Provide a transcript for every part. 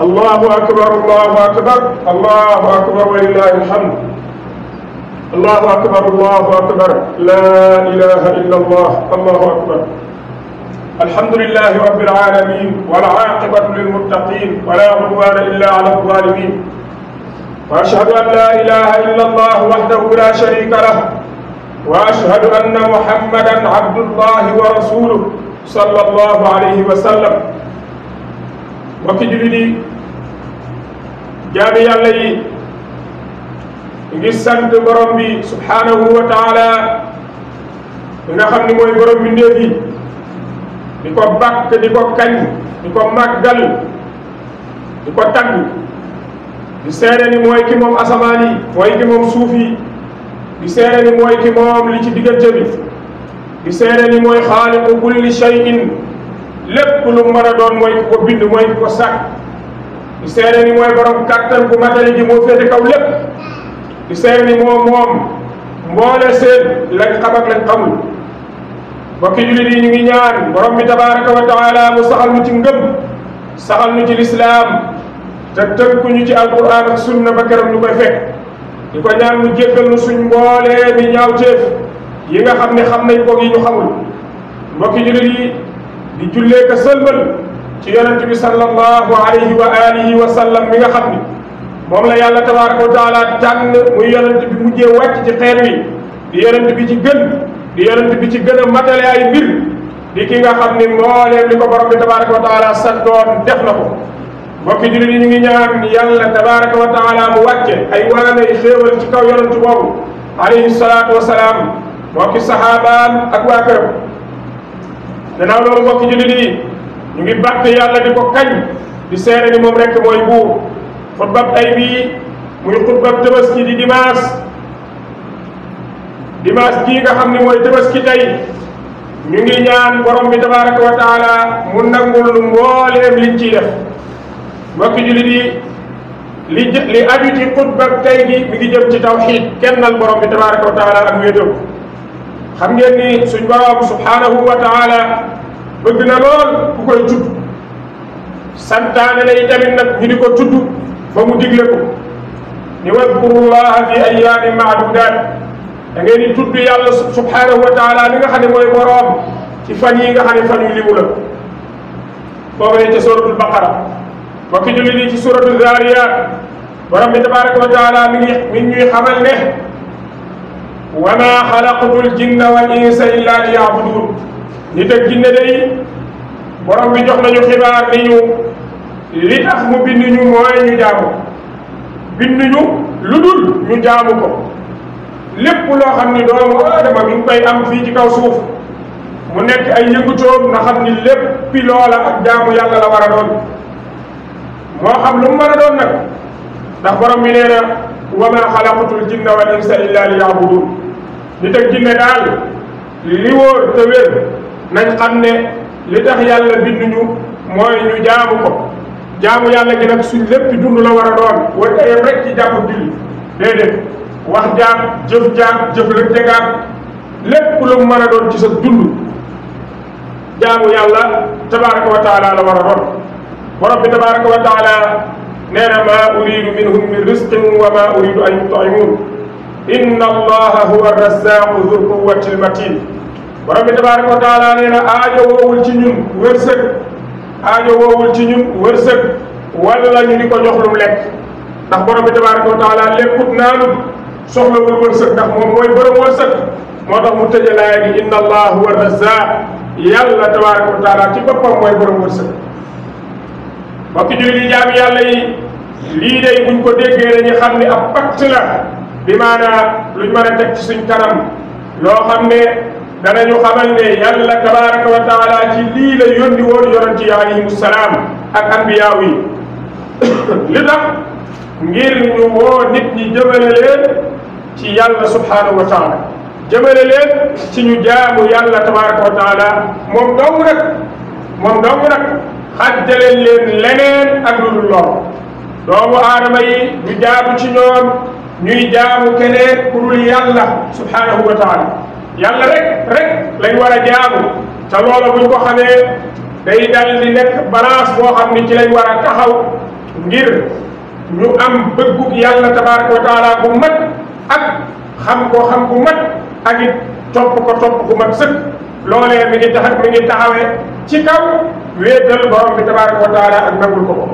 الله أكبر الله أكبر الله أكبر ولله الحمد الله أكبر الله أكبر لا إله إلا الله الله أكبر الحمد لله رب العالمين والعاقبة للمتقين ولا عدوان إلا على الظالمين وأشهد أن لا إله إلا الله وحده لا شريك له واشهد ان محمدا عبد الله ورسوله صلى الله عليه وسلم mbokki jullit yi jaami yàlla yi ngi sant borom bi subhanahu wa taala li nga xam ni mooy borom bi ndéef yi di ko bàkk di ko kañ di ko màggal di ko tagg di seede ni mooy ki moom asamaan yi mooy ki moom suuf yi di seere ni mooy ki moom li ci diggante bi di seere ni mooy xaaliqu kulli shay'in lépp lu mën doon mooy ki ko bind mooy ki ko sàkk seere ni mooy borom kàttan bu matali ji moo féete kaw lépp di seere ni moom moom mboole seen lañ xam ak lañ xamul mbokki jullit yi ñu ngi ñaan borom bi tabaraka wa taala mu saxal nu ci ngëm saxal nu ci lislaam te tënku ñu ci alquran ak sunna ba këram ñu koy fekk di ko ñaan mu jéggal nu suñ mboolee bi ñaawteef yi nga xam ne xam nañ ko yi ñu xamul mbokki jullit yi di jullee ka ci yonent bi sallallahu alayhi wa alihi wa sallam mi nga xam ni moom la yàlla tabaraka wa taala tànn muy yonent bi mujjee wàcc ci xeet wi di yonent bi ci gën di yonent bi ci gën a matale ay mbir di ki nga xam ni mbooleem li ko borom bi tabaraka wa taala santoon def na ko mbokki jullit yi ñu ngi ñaan yàlla tabaraka wa taala mu wàcce ay waane yu xéewal ci kaw yonantu boobu alayhi salaatu wa salaam mbokki saxaabaam ak waa këram gannaaw loolu mbokki jullit yi ñu ngi bàkk yàlla di ko kañ di seere ni moom rek mooy buur xutbab ay bii muy xutbab tabaski di dimanche dimanche gii nga xam ne mooy tabaski ñu ngi ñaan borom bi tabaraka wa taala mu nangul lu mbooleem liñ ciy mbokki jullit yi li li aju ci xutba tey gi mi ngi jëm ci tawxiid kennal borom wa taala ak wéetal xam ngeen ni suñ borom subhanahu wa taala bëgg na lool koy tudd santaane na itamit nag ñu di ko tudd ba mu digle ko ni wadkurullaha fi ayaamin maadudaat da ngeen di tudd wa taala li nga xam ne mooy borom ci fan yi nga xam ne fan yu limu baqara mbokki jullit yi ci suratu zaariyaat borom bi tabaraka wa taala mi ngi xamal ne wa maa xalaqtul jinna wal insa illa liyaabuduun nit ak jinne day borom bi jox nañu xibaar ni ñu li tax mu bind ñu mooy ñu jaamu bind ñu lu dul ñu jaamu ko lépp loo xam ni doomu aadama mi koy am fii ci suuf mu nekk ay yëngu coom na xam ni léppi loola ak jaamu la war a moo xam lu mu mën doon nag ndax borom bi nee na wa maa xalaqatul jinna wal insa illa li yaabudun nit ak jinne daal li wóor te wér nañ xam ne li tax yàlla bind ñu mooy ñu jaamu ko jaamu yàlla gi nag suñ lépp dund la war a doon wala yem rek ci jàpp julli déedéet wax jaam jëf jaam jëflante gaam mën a doon ci sa dund jaamu yàlla tabaraka wa taala la war a doon borom bi tabaraka wa taala nee na maa uridu minhum min risqin wa maa uridu an yutaimun inna allaha huwa arrasaaqu dul quwati lmatin borom bi tabaraka wa taala nee na aajo woowul ci ñun wërsëg aajo woowul ci ñun wërsëg wala ñu di ko jox lum lekk ndax borom bi tabaraka wa taala lekkut naanut soxlawul wërsëg ndax moom mooy borom wërsëg moo tax mu tëje laaya gi inna allah huwa arrasaaq yàlla tabaraka wa taala ci boppam mooy borom wërsëg mbokki julli di jaam yàlla yi lii day buñ ko déggee dañuy xam ni ab pacte la bi maanaa luñ mën a teg ci suñ kanam loo xam ne danañu xamal ne yàlla tabaraka wa taala ci lii la yónni woon yonent yi alayhimu salaam ak anbiyaaw yi li tax ngir ñu woo nit ñi jëmale leen ci yàlla subhanahu wa taala jëmale leen ci ñu jaamu yàlla tabaraka wa taala moom dong nag moom dong nag xajjaleen leen leneen ak lu dul loolu doomu aadama yi ñu ci ñoom ñuy jaamu keneen ku dul yàlla subhaanahu wa taala yàlla rek rek lañ war a jaamu te loola buñ ko xamee day dal di nekk balance boo xam ni ci lañ a taxaw ngir ñu am bëggug yàlla tabaraka wa taala xam ko xam bu mat ak it topp ko topp ku mat sëkk loolee mi ngi tax mi ngi taxawee ci kaw wéetal borom bi tabaraka wa taala ak nangul ko ko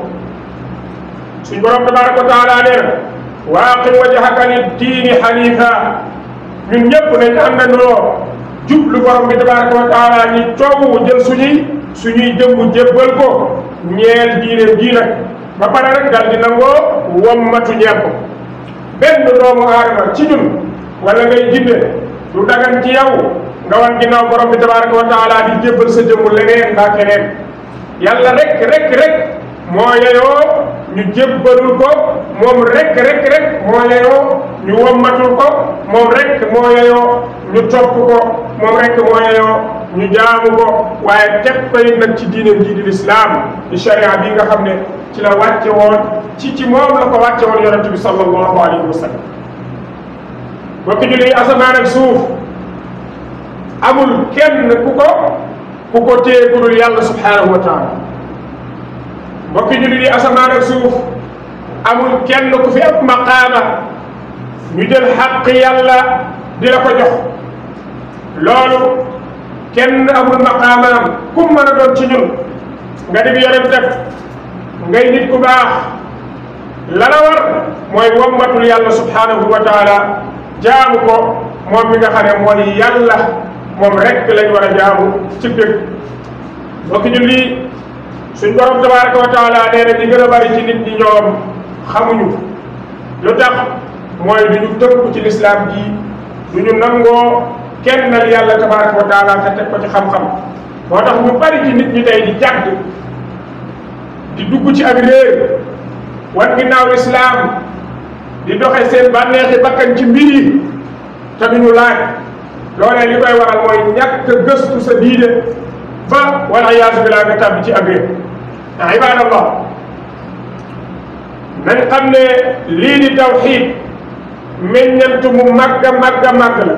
suñ borom tabaraka wa taala nee na waaqi wajhaka li diini xaniifa ñun ñëpp nañ àndandoo jublu borom bi tabaraka wa taala ni coowu jël suñuy suñuy jëmbu jébbal ko ñeel diine ji nag ba pare rek dal di nangoo wommatu ñepp benn doomu aadama ci ñun wala ngay jinde du dagan ci yow nga wan ginnaaw borom bi tabaraka wa taala di jébbal sa jëmbu leneen mbaa keneen yàlla rek rek rek moo yeyoo ñu jébbalul ko moom rek rek rek moo yeyoo ñu wommatul ko moom rek moo yeyoo ñu topp ko moom rek moo yeyoo ñu jaamu ko waaye teg ko ci diine ji di lislaam di sharia bi nga xam ne ci la wàcce woon ci ci moom la ko wàcce woon yonente bi sallallahu alayhi wa sallam bokki julli asamaan ak suuf amul kenn ku ko ku ko téye ku dul yàlla subhaanahu wa taala mbokki jullit yi suuf amul kenn ku fi ëpp maqaama ñu jël xàq yàlla di la ko jox loolu kenn amul maqaamaam kum mën a doon ci ñun nga di yonent def ngay nit ku baax la la war mooy wombatul yàlla subhaanahu wa taala jaamu ko moom mi nga mooy yàlla moom rek lañ war a jaamu ci dëgg mbokk ñu lii suñ borom tabaraka wa taala nee na di gën a bari ci nit ñi ñoom xamuñu lu tax mooy du ñu ci lislaam gi du ñu nangoo kennal yàlla tabaraka wa taala te teg ko ci xam-xam moo tax mu bari ci nit ñi tey di jàdd di dugg ci ak réer wan ginnaaw lislaam di doxe seen bànneexi bakkan ci mbir te duñu laaj لولا اللي كاي وراه موي نياك گستو سا ديده فا ولا ياس بلا كتاب تي ابي عباد الله من قبل لي دي توحيد من نمت مكه مكه مكه لا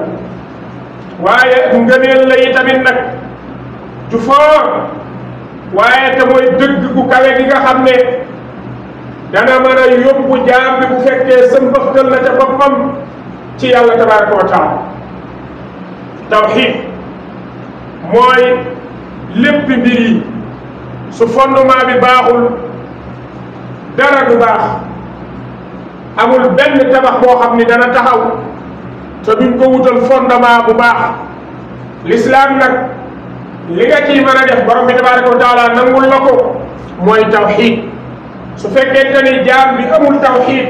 وايا نغنيل لا يتامن نك تو فور وايا تا موي دغ كو كاوي كيغا خامني دا نا مانا يوبو جامبي بو فكيه سم بختل لا تا بوبام تي يالله تبارك وتعالى التوحيد موي لب بيري سو فوندمان بي باخول دارا دو باخ امول بن تبخ بو خامني دانا تخاو تا بين كو ووتال فوندمان بو باخ الاسلام نك ليغا كي مانا ديف بروم تبارك وتعالى نانغول لاكو موي توحيد سو فكنتني جام بي امول توحيد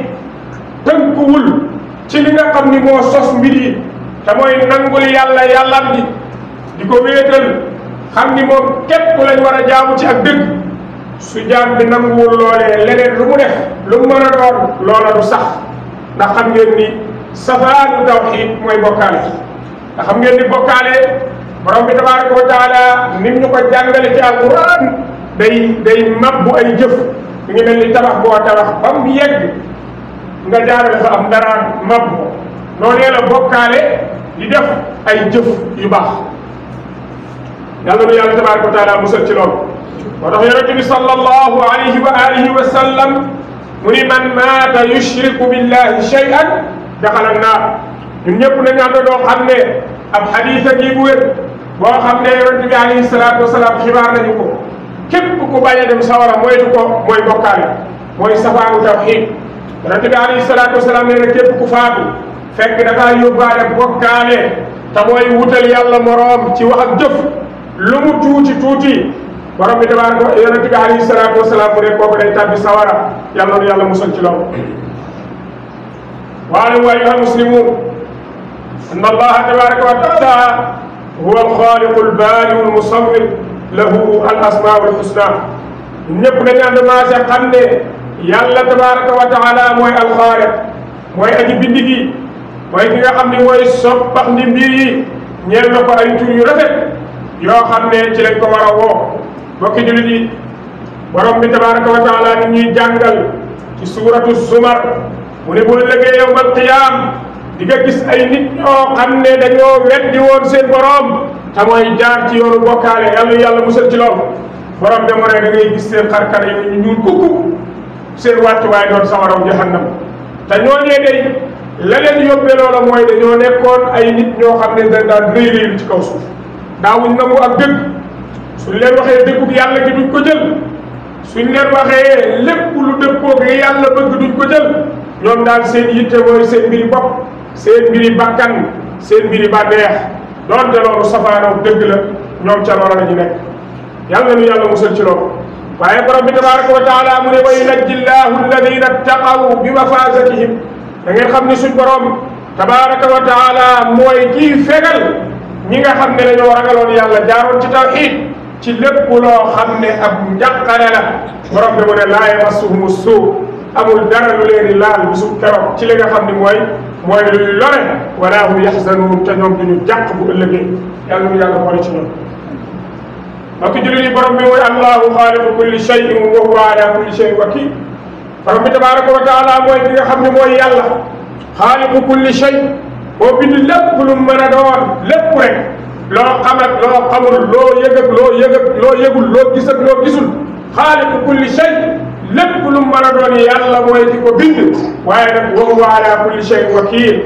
تنكوول ci li nga xamni mo sos mbir yi te mooy nangul yàlla yàllam bi di ko wéetal xam ni moom képp lañ war a jaamu ci ak dëgg su jaam bi nanguwul loolee leneen lu mu def lu mu mën a doon loola du sax ndax xam ngeen ni safaanu tawxid mooy bokkaale te xam ngeen ni bokkaale borom bi tabaraka taala nim ñu ko jàngale ci alquran day day mabbu ay jëf mi ngi mel ni tabax boo tabax ba mu yegg nga jaarale fa am dara mabbu noonee la bokkaale di def ay jëf yu baax yàlla nu yàlla tabaraka wa taala musal ci loolu moo tax yonente bi sallallahu alayhi wa alihi wa sallam mu ni man maata yushriku billahi shay'an daxala naar ñun ñëpp nañu am na doo xam ne ab xadis a ngi bu wér boo xam ne yonente bi alayhi salaatu wasalaam xibaar nañu ko képp ku bañ a dem sawara moytu ko mooy bokkaale mooy safaanu tawxid yonente bi alayhi salaatu wasalaam nee na képp ku faatu fekk da ngaa yóbbaale bokkaale te mooy wutal yàlla moroom ci wax ak jëf lu mu tuuti tuuti borom bi tabaaraka yonent bi alayhi salaatu wasalaam mu ne kooku day tàbbi sawara yàlla na yàlla musal ci loolu waalam wa ayuha almuslimun an allaha tabaraka wa taala huwa alxaaliqu albaariu almusawir lahu al asmaau alxusna ñëpp nañu ànd maase xam ne yàlla tabaraka wa taala mooy alxaaliq mooy aji bindi gi mooy ki nga xam ni mooy soppax ndi mbir yi ñeel na ko ay tur yu rafet yoo xam ne ci lañ ko war a woo mbokki jullit yi borom bi tabaraka wa taala ni ñuy jàngal ci suuratu zumar mu ne boo lëggee yowmal qiyaam di nga gis ay nit ñoo xam ne dañoo weddi woon seen borom te mooy jaar ci yoonu bokkaale yàlla yàlla musal ci loolu borom de mu ne da ngay gis seen xarkar yooyu ñu ñuul kukku seen wàccuwaay doon sawaraw jahannam te ñooñee day la leen yóbbee loola mooy dañoo nekkoon ay nit ñoo xam ne dañ daan rëy rëylu ci kaw suuf daawuñ nangu ak dëgg suñ leen waxee dëggub yàlla gi duñ ko jël suñ leen waxee lépp lu dëppoog li yàlla bëgg du ko jël ñoom daal seen yitte mooy seen mbiri bopp seen mbiri bakkan seen mbiri bànneex doonte loolu safaanoo dëgg la ñoom ca loola la ñu nekk yàlla nu yàlla musal ci loolu waaye borom bi tabaraka wa taala mu ne way najjillaahu alladina ttaqaw bi mafaazatihim da ngeen xam ne suñ borom tabaraka wa taala mooy kii fegal ñi nga xam ne dañoo ragaloon yàlla jaaroon ci tawxiid ci lépp loo xam ne ab njàqare la borom bi mu ne laa yamassuhumu suu amul dara lu laal bisu ci li xam ni mooy mooy luy lore wala hum yaxzanuun te ñoom duñu jàq bu ëllëgee yàlla nu yàlla boole ci ñoom mbokk jullit yi borom bi mooy allahu xaaliqu kulli shay'in wa huwa ala borom bi tabaraka wa taala mooy ki nga xam ne mooy yàlla xaaliqu kulli shay boo bind lépp lu mën a doon lépp rek loo xam ak loo xamul loo yëg ak loo yëg ak loo yëgul loo gis ak loo gisul xaaliqu kulli shay lépp lu mën a doon yàlla mooy ki ko bind waaye nag wa huwa ala kulli shay wakil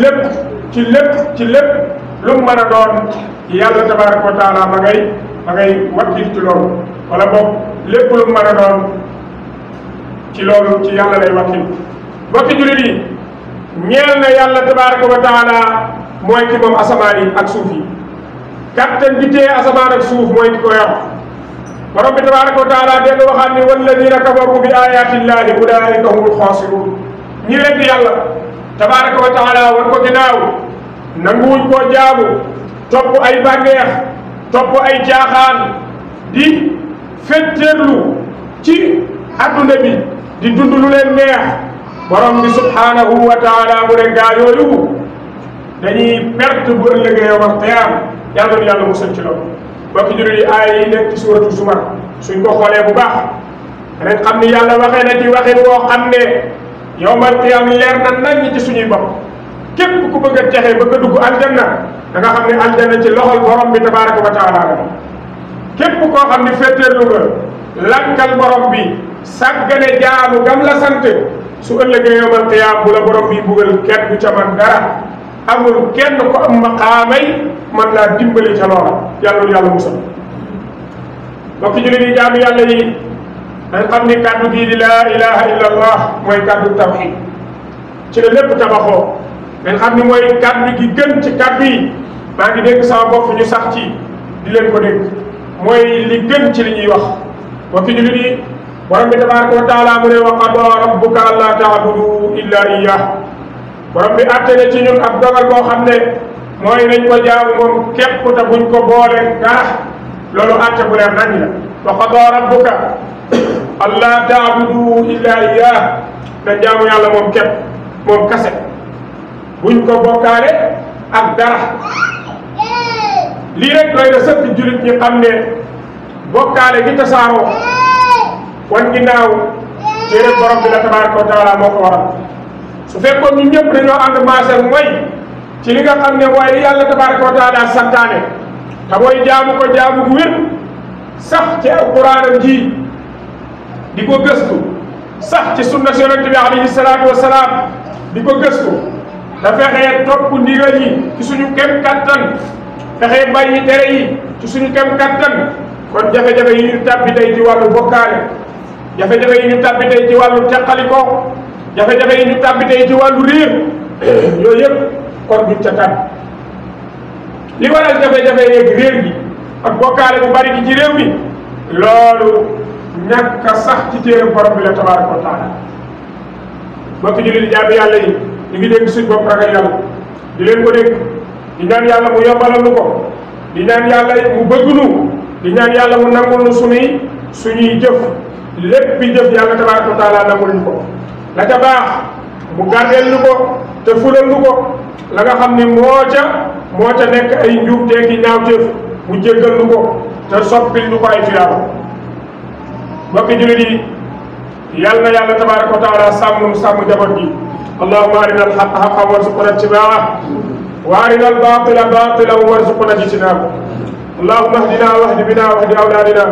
lépp ci lépp ci lépp lu mën a doon yàlla tabaraka wa taala ma ngay ma ngay wakkil ci loolu wala boog lépp lu mën a doon ci loolu ci yàlla lay wakkil bokki jullit yi ñeel na yàlla tabaraka wa taala mooy ki moom asamaan yi ak suuf yi kattan bi téye asamaan ak suuf mooy ki ko yor borom bi tabaraka wa taala dégg waxaat ni walladina kafaru bi ayatillahi ulaika humul xaasirun ñi weddi yàlla tabaraka wa taala wan ko ginnaaw nanguwuñ koo jaamu topp ay bànneex topp ay caaxaan di fetteerlu ci adduna bi di dund lu leen neex borom bi subhanahu wa taala mu ne gaa yooyu dañuy perte bu ëllëgee yomal qiyaam yàlla nu yàlla musal ci loolu bokki juri yi aaya yi nekk ci suratu zumar suñ ko xoolee bu baax danañ xam ni yàlla waxee na ci waxin woo xam yowmal qiyaam leer na nañ ci suñuy bopp képp ku bëgg a bëgg dugg aljanna da nga xam aljanna ci loxol borom bi tabaraka taala képp koo xam ne nga lankal borom bi sàggane jaamu gam la sant su ëllëgee yowmal qiyaam bu la borom bi buggal kenn du ca man dara amul kenn ko am maqaamay man laa dimbali ca loola yàlla lu yàlla musal mbokk jullit yi jaamu yàlla yi dañ xam ni kàddu gii di laa ilaha illa mooy kàddu tawxid ci la lépp tabaxoo dañ xam ni mooy kàddu gi gën ci kàddu yi maa ngi dégg sama bopp ñu sax ci di leen ko dégg mooy li gën ci li ñuy wax mbokk jullit yi borom bi tabaraka wa taala mu ne wa qadaa rabbuka allaa taabudu illa iyyah borom bi atte ne ci ñun ab dogal boo xam ne mooy nañ ko jaamu moom képp te buñ ko boole dara loolu atte bu leer nañ la wa qadaa rabbuka allaa taabudu illa iyyah te jaamu yàlla moom képp moom kase buñ ko bokkaale ak dara lii rek doy na sëkk jullit ñi xam ne bokkaale gi tasaaroo wan ginnaaw téere borom bi la tabaaraka wa taala moo ko su fekkoon ñun ñëpp dañoo ànd maasal mooy ci li nga xam ne mooy li yàlla tabaaraka wa taala santaane te jaamu ko jaamu gu wér sax ci alquraanam ji di ko gëstu sax ci sunna yonent bi alayhi salaatu wa di ko gëstu da fexe topp ndigal yi ci suñu kem kattan fexe bàyyi tere yi ci suñu kem kattan kon jafe-jafe yi ñu tàbbi day ci wàllu bokkaale jafe-jafe yi ñu tàbbi tey ci wàllu teqalikoo jafe-jafe yi ñu tàbbi tey ci wàllu réer yooyu yëpp kon duñ ca tàbbi li waral jafe-jafe yeeg réer gi ak bokkaale bu bari gi ci réew mi loolu ñàkk sax ci téere borom bi la tabaaraka wa taala mbokk jullit jaabi yàlla yi ñu ngi suñ bopp ragal yàlla di leen ko dégg di ñaan yàlla mu yombalal nu ko di ñaan yàlla mu bëgg nu di ñaan yàlla mu nangul nu suñuy suñuy jëf lépp bi jëf yàlla tabaaraka wa taala nangul ñu ko la ca baax mu gardeel ñu ko te fulal ñu ko la nga xam ne moo ca moo ca nekk ay njuumteeg yi ñaawteef mu jéggal ñu ko te soppil ñu ay tuyaaba mbokki jullit yi yàlla yàlla tabaaraka wa taala sàmm sàmm njaboot gi allahumma arina alxaqa xaqan warzuqna ittibaa'a wa arina albaatila baatilan warzuqna ijtinaabahu allahumma ahdina wahdi bina wahdi awlaadina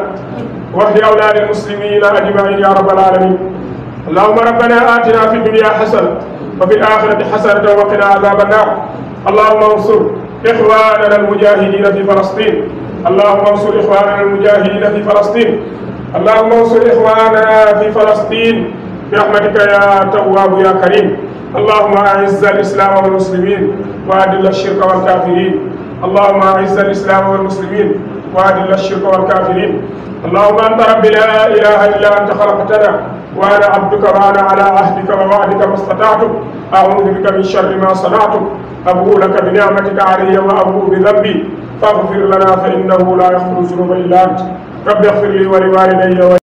وفي أولاد المسلمين أجمعين يا رب العالمين اللهم ربنا آتنا في الدنيا حسنة وفي الآخرة حسنة وقنا عذاب النار اللهم انصر إخواننا المجاهدين في فلسطين اللهم انصر إخواننا المجاهدين في فلسطين اللهم انصر إخواننا في فلسطين برحمتك يا تواب يا كريم اللهم أعز الإسلام والمسلمين وأذل الشرك والكافرين اللهم أعز الإسلام والمسلمين وأذل الشرك والكافرين اللهم أنت ربي لا إله إلا أنت خلقتنا وأنا عبدك وأنا على عهدك ووعدك ما استطعت أعوذ بك من شر ما صنعت أبوء لك بنعمتك علي وأبوء بذنبي فاغفر لنا فإنه لا يغفر الذنوب إلا أنت رب اغفر لي ولوالدي